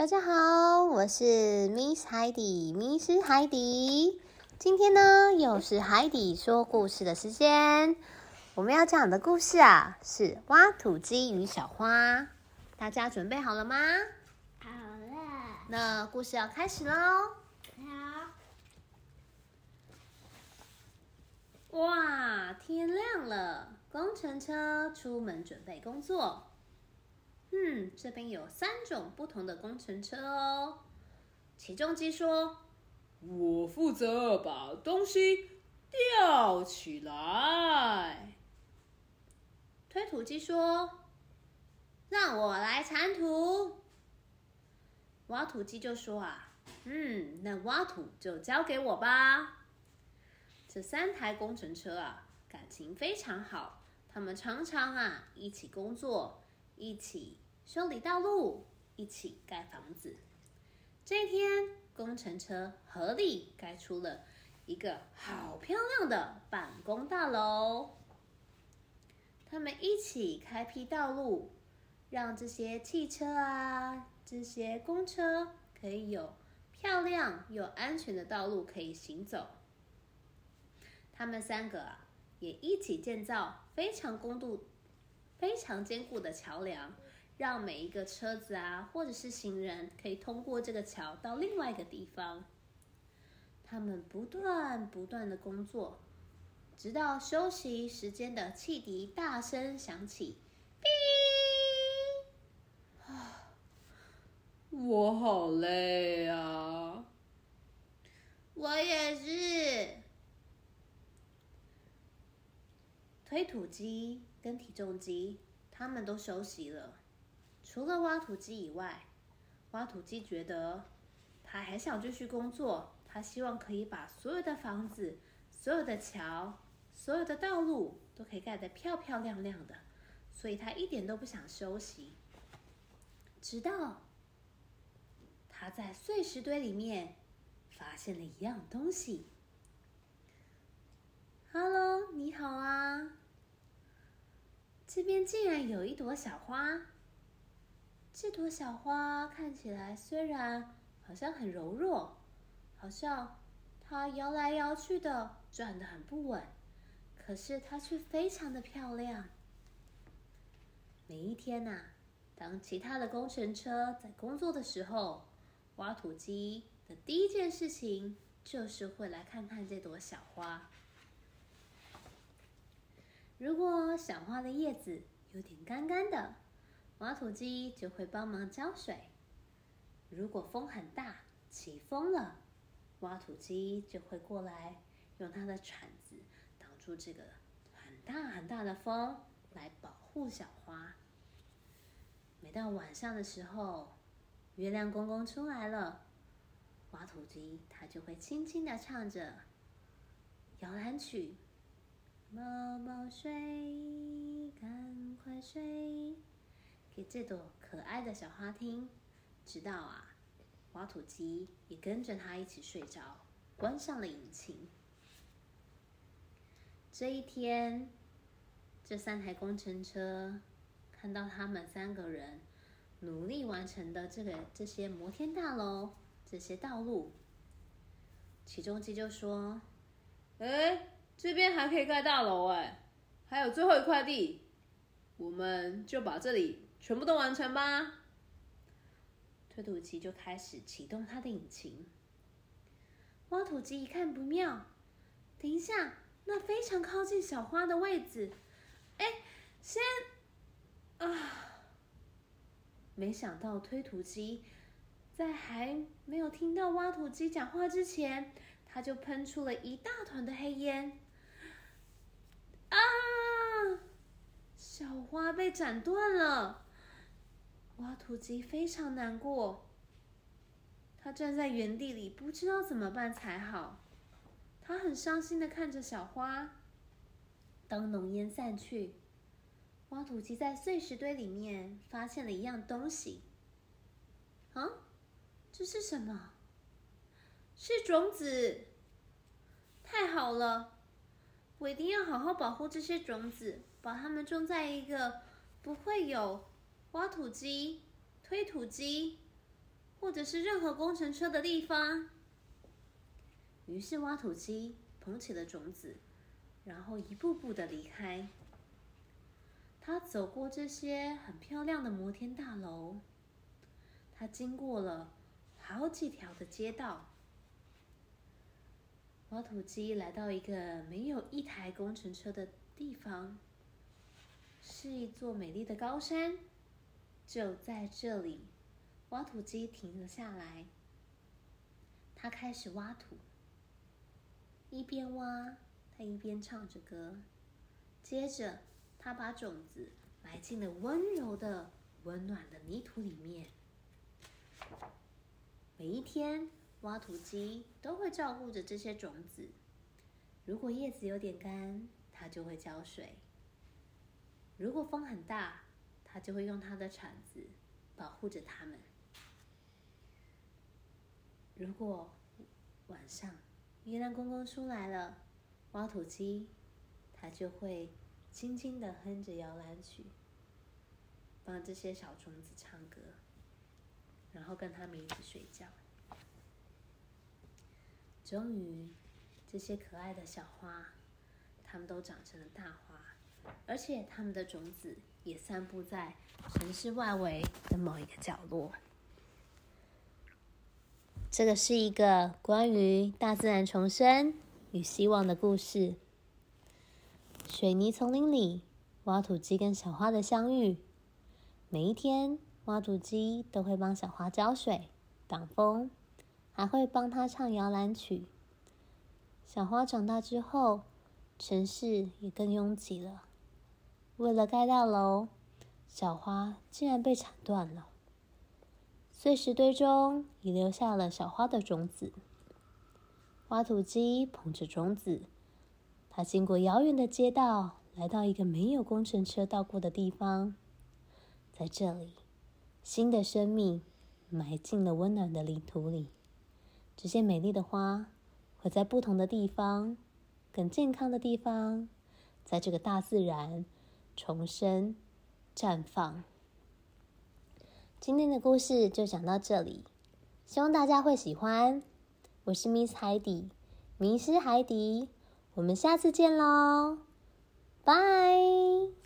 大家好，我是 Miss 海底，Miss 海底。今天呢，又是海底說故事的時間。我們要講的故事啊，是挖土機與小花。大家準備好了嗎？好了。那故事要開始嘍。好、嗯。哇，天亮了，工程車出門準備工作。這邊有三種不同的工程車哦。起重機說：“我負責把東西吊起來。”推土機說：“讓我來鏟土。”挖土機就說：“啊，嗯，那挖土就交給我吧。”這三台工程車啊，感情非常好，他們常常啊一起工作，一起。修理道路，一起蓋房子。這一天，工程車合力蓋出了一個好漂亮的辦公大樓。他們一起開闢道路，讓這些汽車啊、這些公車可以有漂亮又安全的道路可以行走。他們三個、啊、也一起建造非常堅固、非常堅固的橋梁。讓每一個車子啊，或者是行人，可以通過這個橋到另外一個地方。他們不斷不斷的工作，直到休息時間的汽笛大聲響起。嗶！我好累啊！我也是。推土機跟起重機，他們都休息了。除了挖土機以外，挖土機覺得他還想繼續工作。他希望可以把所有的房子、所有的橋、所有的道路都可以蓋得漂漂亮亮的，所以他一點都不想休息。直到他在碎石堆裡面發現了一樣東西。“Hello，你好啊！”這邊竟然有一朵小花。這朵小花看起來雖然好像很柔弱，好像它搖來搖去的轉得很不穩，可是它卻非常的漂亮。每一天吶、啊，當其他的工程車在工作的時候，挖土機的第一件事情就是會來看看這朵小花。如果小花的葉子有點乾乾的。挖土機就會幫忙澆水。如果風很大，起風了，挖土機就會過來，用它的鏟子擋住這個很大很大的風，來保護小花。每到晚上的時候，月亮公公出來了，挖土機它就會輕輕的唱着搖籃曲：“寶寶睡，趕快睡。”這朵可愛的小花廳，直到啊，挖土機也跟着他一起睡着，關上了引擎。這一天，這三台工程車看到他們三個人努力完成的這個這些摩天大樓、這些道路，起重機就說：“哎，這邊還可以蓋大樓哎，還有最後一塊地，我們就把這裡。”全部都完成吧！推土機就開始啟動它的引擎。挖土機一看不妙，等一下，那非常靠近小花的位置，哎，先啊！沒想到推土機在還沒有聽到挖土機講話之前，它就噴出了一大團的黑煙。啊，小花被斬斷了。挖土機非常難過，他站在原地裡，不知道怎麼辦才好。他很傷心的看着小花。當濃煙散去，挖土機在碎石堆裡面發現了一樣東西。啊，這是什麼？是種子。太好了，我一定要好好保護這些種子，把它們種在一個不會有挖土機、推土機，或者是任何工程車的地方。於是，挖土機捧起了種子，然後一步步的離開。他走過這些很漂亮的摩天大樓，他經過了好幾條的街道。挖土機來到一個沒有一台工程車的地方，是一座美麗的高山。就在這裡，挖土機停了下來。他開始挖土，一邊挖，他一邊唱着歌。接着，他把種子埋進了溫柔的、溫暖的泥土裡面。每一天，挖土機都會照顧着這些種子。如果葉子有點乾，它就會澆水。如果風很大，他就會用他的鏟子保護着它們。如果晚上月亮公公出來了，挖土機他就會輕輕的哼着搖籃曲，幫這些小種子唱歌，然後跟他們一起睡覺。終於，這些可愛的小花，它們都長成了大花，而且它們的種子。也散佈在城市外圍的某一個角落。這個是一個關於大自然重生與希望的故事。水泥叢林裡，挖土機跟小花的相遇。每一天，挖土機都會幫小花澆水、擋風，還會幫她唱搖籃曲。小花長大之後，城市也更擁擠了。為了蓋大樓，小花竟然被鏟斷了。碎石堆中遺留下了小花的種子。挖土機捧着種子，它經過遙遠的街道，來到一個沒有工程車到過的地方。在這裡，新的生命埋進了溫暖的泥土裡。這些美麗的花會在不同的地方，更健康的地方，在這個大自然重生，綻放。今天的故事就講到這裡，希望大家會喜歡。我是 Miss 海底，迷失海底，我們下次見嘍，拜。